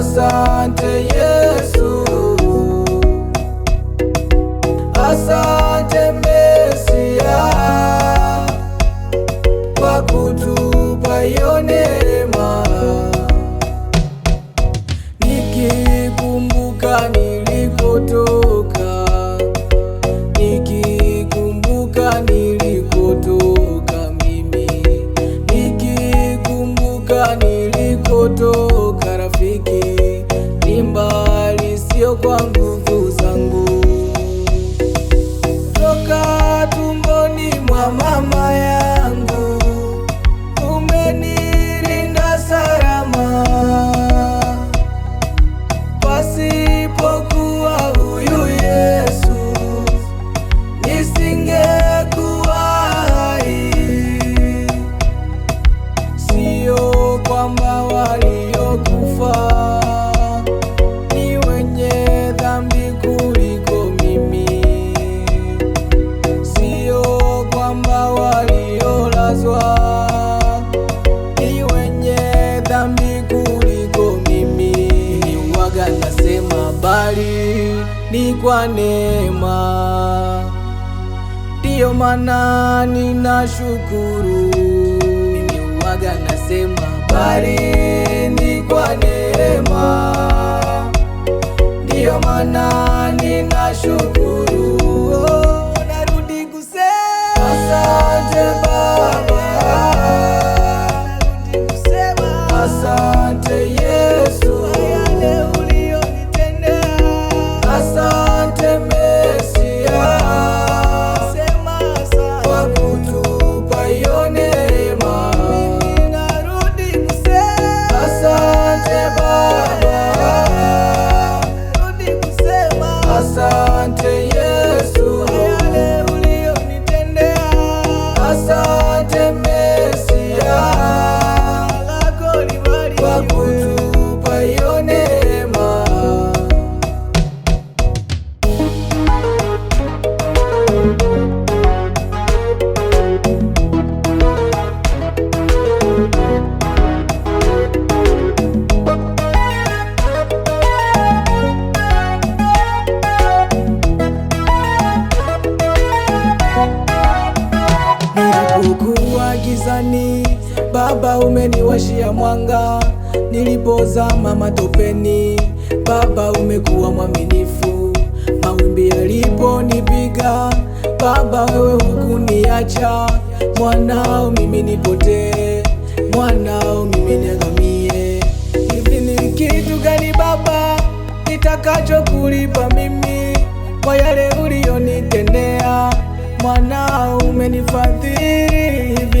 Asante Yesu, asante Mesia kwa kutupa yone kwa neema, ndiyo maana ninashukuru. Mimi huwaga nasema bali ni kwa neema, ndiyo maana ninashukuru. gizani, Baba umeniwashia mwanga, nilipozama matopeni, Baba umekuwa mwaminifu. Mawimbi yaliponipiga, Baba wewe hukuniacha. Mwanao mimi nipotee, mwanao mimi niangamie. Hivi ni kitu gani Baba nitakacho kulipa mimi kwa yale uliyonitendea? Mwanao umenifadhili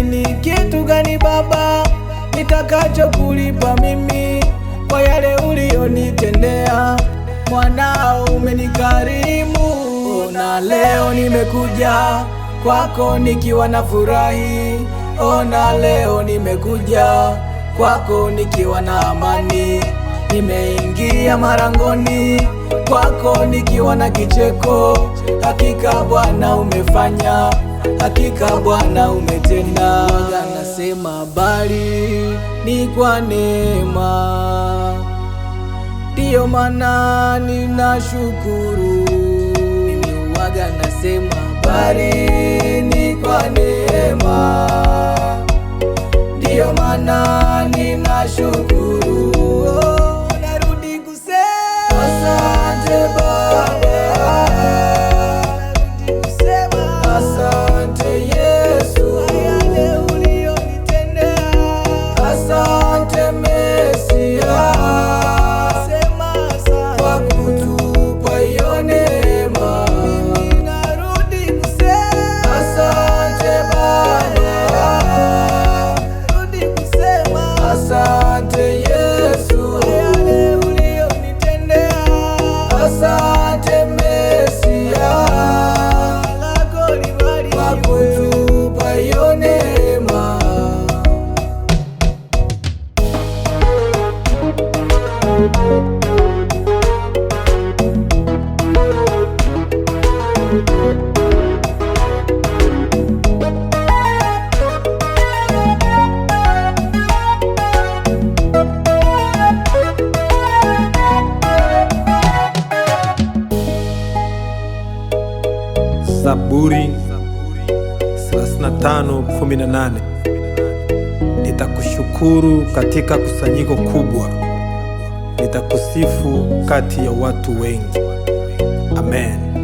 ni kitu gani Baba nitakacho kulipa mimi kwa yale uliyonitendea? ni umenikarimu, na leo nimekuja kwako nikiwa na furahi. Ona, leo nimekuja kwako nikiwa na amani. Nimeingia marangoni kwako nikiwa na kicheko. Hakika Bwana umefanya Hakika Bwana umetenda. Anasema bali ni kwa neema, ndiyo maana ninashukuru. Mimi waga nasema bali Zaburi 35:18 nitakushukuru katika kusanyiko kubwa, nitakusifu kati ya watu wengi. Amen.